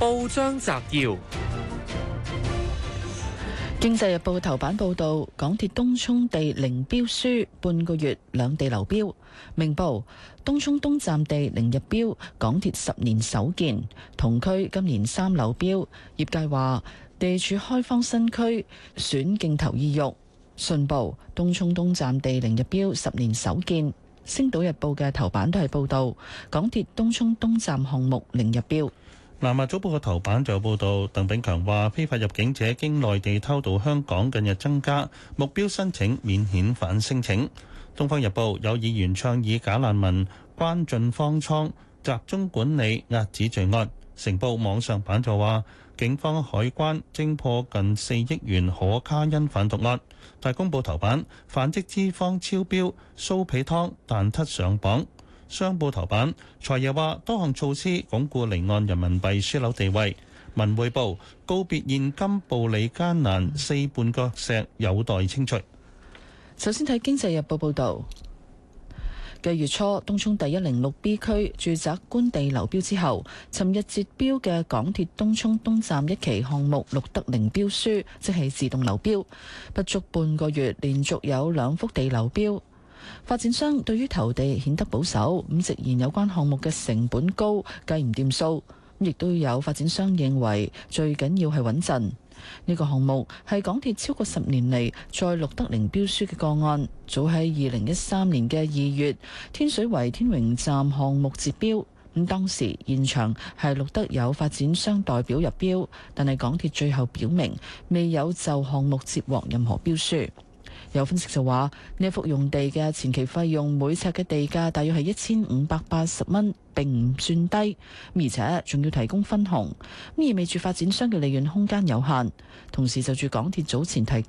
報章摘要：經濟日報頭版報道，港鐵東涌地零標書，半個月兩地流標。明報東涌東站地零日標，港鐵十年首建，同區今年三流標。業界話，地處開放新區，選競投意欲。信報東涌東站地零日標，十年首建。星島日報嘅頭版都係報道，港鐵東涌東站項目零日標。南華早報嘅頭版就報道，鄧炳強話：非法入境者經內地偷渡香港近日增加，目標申請免遣返申請。《東方日報》有議員倡議假難民關進方艙，集中管理壓止罪案。《成報》網上版就話，警方海關偵破近四億元可卡因販毒案。大公報頭版，反式脂肪超標酥皮湯蛋撻上榜。商報頭版，財爺話多項措施鞏固離岸人民幣樞紐地位。文匯報：告別現金步履艱難，四絆腳石有待清除。首先睇經濟日報報導，繼月初東涌第一零六 B 區住宅官地流標之後，尋日截標嘅港鐵東涌東站一期項目錄得零標書，即係自動流標。不足半個月，連續有兩幅地流標。發展商對於投地顯得保守，咁直言有關項目嘅成本高計唔掂數，亦都有發展商認為最緊要係穩陣。呢個項目係港鐵超過十年嚟再錄得零標書嘅個案。早喺二零一三年嘅二月，天水圍天榮站項目截標，咁當時現場係錄得有發展商代表入標，但係港鐵最後表明未有就項目接獲任何標書。有分析就話，呢一幅用地嘅前期費用每尺嘅地價大約係一千五百八十蚊，並唔算低。而且仲要提供分紅，意味住發展商嘅利潤空間有限。同時就住港鐵早前提及，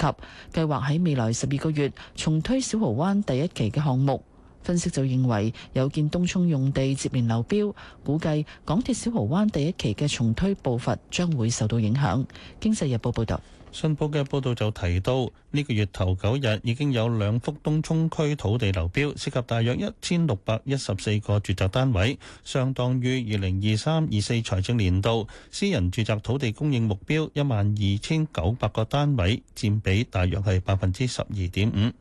計劃喺未來十二個月重推小蠔灣第一期嘅項目。分析就認為，有見東涌用地接連流標，估計港鐵小蠔灣第一期嘅重推步伐將會受到影響。經濟日報報道。信報嘅報道就提到，呢、這個月頭九日已經有兩幅東涌區土地流標，涉及大約一千六百一十四個住宅單位，相當於二零二三二四財政年度私人住宅土地供應目標一萬二千九百個單位，佔比大約係百分之十二點五。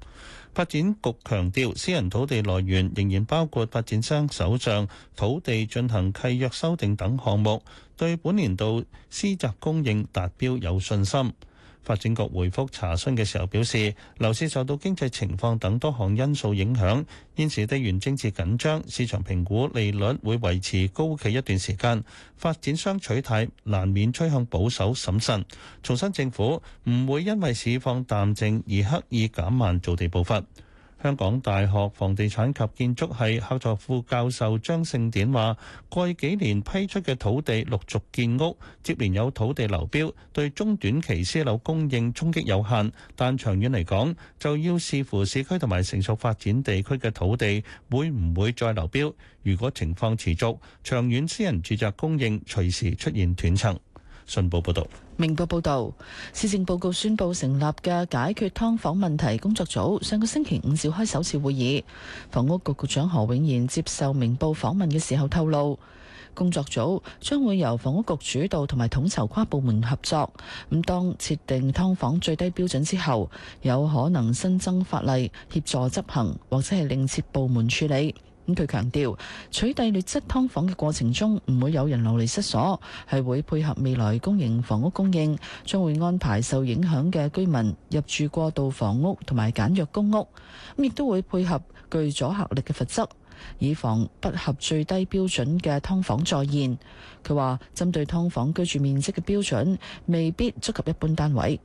發展局強調，私人土地來源仍然包括發展商手上土地進行契約修訂等項目，對本年度私宅供應達標有信心。發展局回覆查詢嘅時候表示，樓市受到經濟情況等多項因素影響，現時地緣政治緊張，市場評估利率會維持高企一段時間，發展商取態難免趨向保守審慎。重申政府唔會因為市況淡靜而刻意減慢造地步伐。香港大學房地產及建築系客座副教授張勝典話：過去幾年批出嘅土地陸續建屋，接連有土地流標，對中短期私樓供應衝擊有限。但長遠嚟講，就要視乎市區同埋成熟發展地區嘅土地會唔會再流標。如果情況持續，長遠私人住宅供應隨時出現斷層。信報報導，明報報道，施政報告宣布成立嘅解決劏房問題工作組，上個星期五召開首次會議。房屋局局長何永賢接受明報訪問嘅時候透露，工作組將會由房屋局主導同埋統籌跨部門合作。咁當設定劏房最低標準之後，有可能新增法例協助執行，或者係另設部門處理。佢強調，取締劣質劏房嘅過程中，唔會有人流離失所，係會配合未來公營房屋供應，將會安排受影響嘅居民入住過渡房屋同埋簡約公屋。亦都會配合具阻嚇力嘅罰則，以防不合最低標準嘅劏房再現。佢話：針對劏房居住面積嘅標準，未必觸及一般單位。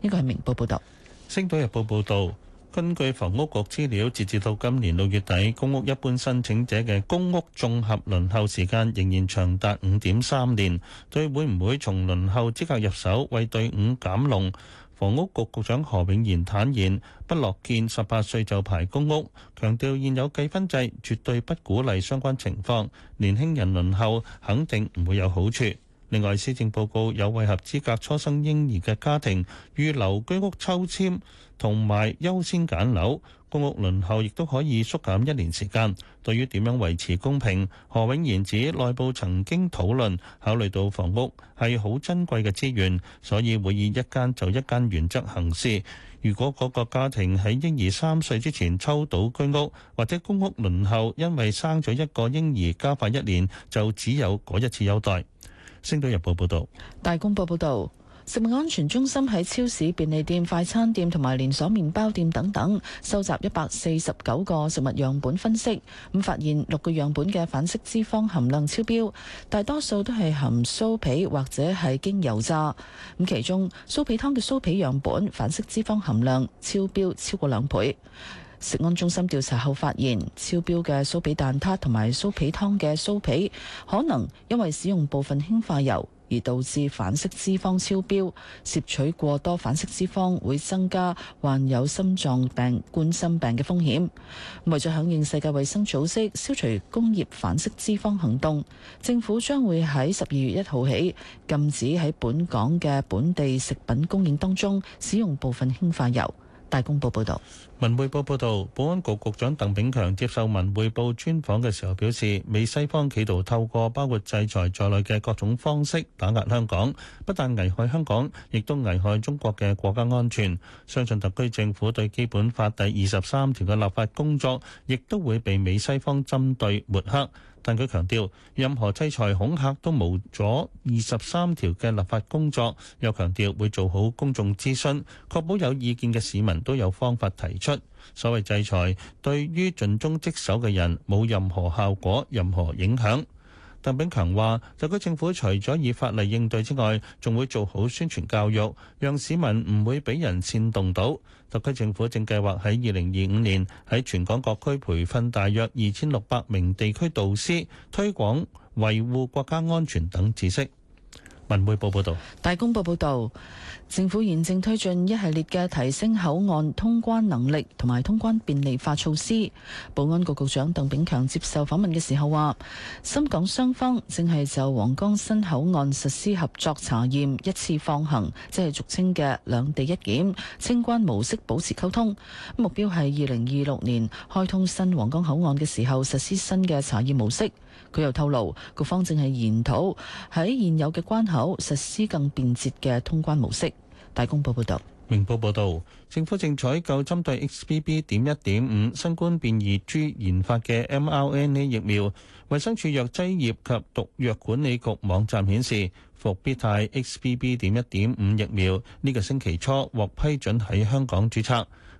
呢個係明報報導，《星島日報》報導。根據房屋局資料，截至到今年六月底，公屋一般申請者嘅公屋綜合輪候時間仍然長達五點三年。對會唔會從輪候資格入手為隊伍減龍？房屋局局長何永賢坦言不樂見十八歲就排公屋，強調現有計分制絕對不鼓勵相關情況，年輕人輪候肯定唔會有好處。另外，施政報告有為合資格初生嬰兒嘅家庭預留居屋抽籤，同埋優先揀樓公屋輪候，亦都可以縮減一年時間。對於點樣維持公平，何永賢指內部曾經討論，考慮到房屋係好珍貴嘅資源，所以會以一間就一間原則行事。如果嗰個家庭喺嬰兒三歲之前抽到居屋或者公屋輪候，因為生咗一個嬰兒加快一年，就只有嗰一次優待。星島日報報道，大公報報道，食物安全中心喺超市、便利店、快餐店同埋連鎖麵包店等等收集一百四十九個食物樣本分析，咁發現六個樣本嘅反式脂肪含量超標，大多數都係含酥皮或者係經油炸，咁其中酥皮湯嘅酥皮樣本反式脂肪含量超標超過兩倍。食安中心調查後發現，超標嘅酥皮蛋撻同埋酥皮湯嘅酥皮，可能因為使用部分氫化油，而導致反式脂肪超標。攝取過多反式脂肪會增加患有心臟病、冠心病嘅風險。為咗響應世界衛生組織消除工業反式脂肪行動，政府將會喺十二月一號起禁止喺本港嘅本地食品供應當中使用部分氫化油。大公報報道，文匯報報道，保安局局長鄧炳強接受文匯報專訪嘅時候表示，美西方企圖透過包括制裁在內嘅各種方式打壓香港，不但危害香港，亦都危害中國嘅國家安全。相信特區政府對《基本法》第二十三條嘅立法工作，亦都會被美西方針對抹黑。但佢強調，任何制裁恐嚇都冇咗二十三條嘅立法工作，又強調會做好公眾諮詢，確保有意見嘅市民都有方法提出。所謂制裁，對於盡忠職守嘅人冇任何效果，任何影響。鄧炳強話，特區政府除咗以法例應對之外，仲會做好宣傳教育，讓市民唔會俾人煽動到。特區政府正計劃喺二零二五年，喺全港各區培訓大約二千六百名地區導師，推廣維護國家安全等知識。文匯報報道，大公報報導，政府現正推進一系列嘅提升口岸通關能力同埋通關便利化措施。保安局局長鄧炳強接受訪問嘅時候話：深港雙方正係就皇崗新口岸實施合作查驗一次放行，即係俗稱嘅兩地一檢清關模式，保持溝通。目標係二零二六年開通新皇崗口岸嘅時候實施新嘅查驗模式。佢又透露，局方正係研討喺現有嘅關口實施更便捷嘅通關模式。大公報報道，明報報道，政府正採購針對 XBB.1.5 新冠變異株研發嘅 mRNA 疫苗。衞生署藥劑業及毒藥管理局網站顯示，復必泰 XBB.1.5 疫苗呢、這個星期初獲批准喺香港註冊。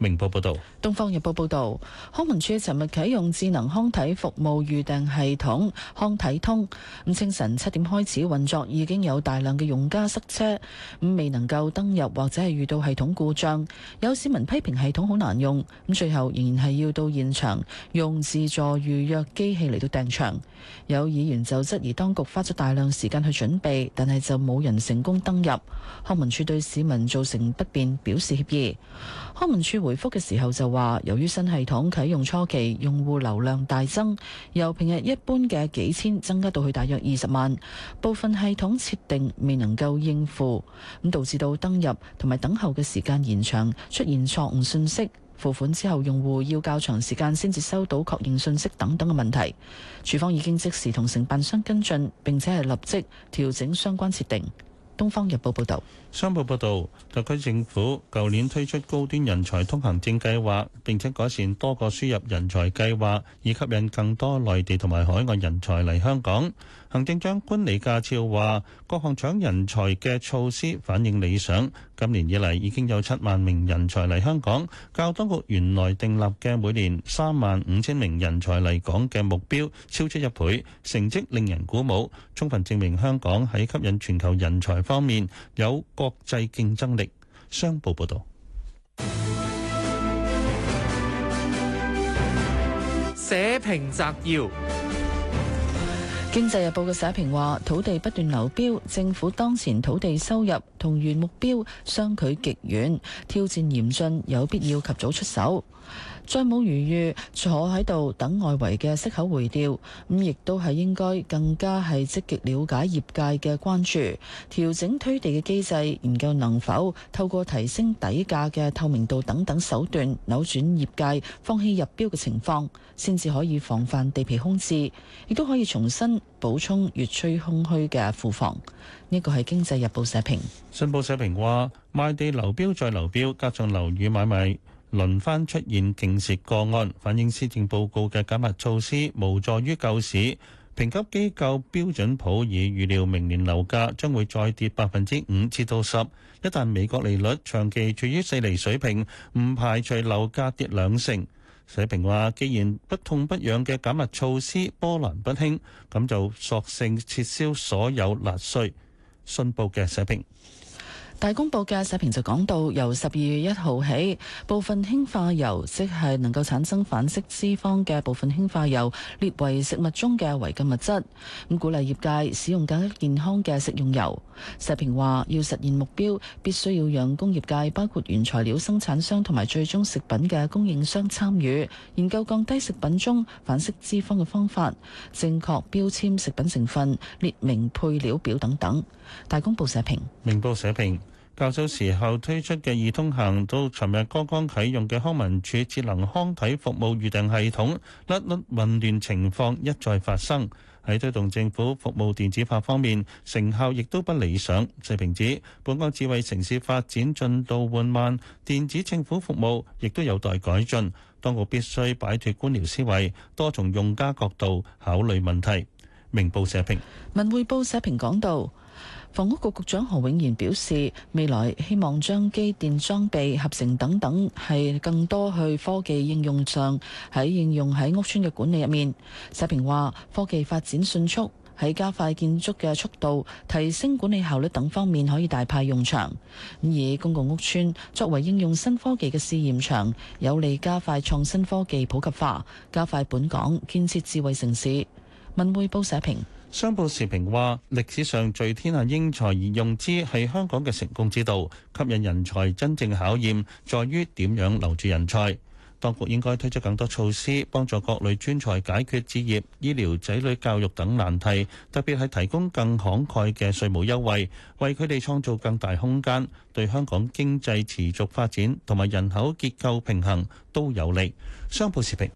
明報報道，東方日報報道，康文署尋日啟用智能康體服務預訂系統康體通，咁清晨七點開始運作，已經有大量嘅用家塞車，咁未能夠登入或者係遇到系統故障，有市民批評系統好難用，咁最後仍然係要到現場用自助預約機器嚟到訂場。有議員就質疑當局花咗大量時間去準備，但係就冇人成功登入，康文署對市民造成不便表示歉意。康文署回回覆嘅時候就話，由於新系統啟用初期用戶流量大增，由平日一般嘅幾千增加到去大約二十萬，部分系統設定未能夠應付，咁導致到登入同埋等候嘅時間延長，出現錯誤信息，付款之後用戶要較長時間先至收到確認信息等等嘅問題。處方已經即時同承辦商跟進，並且係立即調整相關設定。《東方日報》報導，商報報導，特區政府舊年推出高端人才通行證計劃，並且改善多個輸入人才計劃，以吸引更多內地同埋海外人才嚟香港。行政長官李家超話：各項搶人才嘅措施反映理想，今年以嚟已經有七萬名人才嚟香港，較當局原來訂立嘅每年三萬五千名人才嚟港嘅目標超出一倍，成績令人鼓舞，充分證明香港喺吸引全球人才方面有國際競爭力。商報報道，社評摘要。經濟日報嘅社評話：土地不斷流標，政府當前土地收入同原目標相距極遠，挑戰嚴峻，有必要及早出手。再冇餘裕，坐喺度等外圍嘅息口回調，咁亦都係應該更加係積極了解業界嘅關注，調整推地嘅機制，研究能否透過提升底價嘅透明度等等手段，扭轉業界放棄入標嘅情況，先至可以防範地皮空置，亦都可以重新。補充越趨空虛嘅庫房，呢、這個係《經濟日報》社評。信報社評話賣地流標再流標，加上樓宇買賣輪番出現勁蝕個案，反映施政報告嘅減辣措施無助於救市。評級機構標準普爾預料明年樓價將會再跌百分之五至到十，一旦美國利率長期處於四厘水平，唔排除樓價跌兩成。社評話：既然「不痛不癢」嘅減壓措施波瀾不興，咁就索性撤銷所有納稅信報嘅社評。大公報嘅社評就講到，由十二月一號起，部分氫化油，即係能夠產生反式脂肪嘅部分氫化油，列為食物中嘅違禁物質，咁鼓勵業界使用更加健康嘅食用油。社評話，要實現目標，必須要讓工業界，包括原材料生產商同埋最終食品嘅供應商參與，研究降低食品中反式脂肪嘅方法，正確標籤食品成分、列明配料表等等。大公報社評，明報社評。較早時候推出嘅易通行，到尋日剛剛啟用嘅康文署智能康體服務預訂系統，甩甩混亂情況一再發生。喺推動政府服務電子化方面，成效亦都不理想。社評指，本港智慧城市發展進度緩慢，電子政府服務亦都有待改進。當局必須擺脱官僚思維，多從用家角度考慮問題。明報社評、文匯報社評講道。房屋局局長何永賢表示，未來希望將機電裝備合成等等，係更多去科技應用上，喺應用喺屋邨嘅管理入面。社評話，科技發展迅速，喺加快建築嘅速度、提升管理效率等方面可以大派用場。咁而公共屋邨作為應用新科技嘅試驗場，有利加快創新科技普及化，加快本港建設智慧城市。文匯報社評。商報時評話：歷史上聚天下英才而用之係香港嘅成功之道，吸引人才真正嘅考驗，在於點樣留住人才。當局應該推出更多措施，幫助各類專才解決置業、醫療、仔女教育等難題，特別係提供更慷慨嘅稅務優惠，為佢哋創造更大空間，對香港經濟持續發展同埋人口結構平衡都有利。商報時評。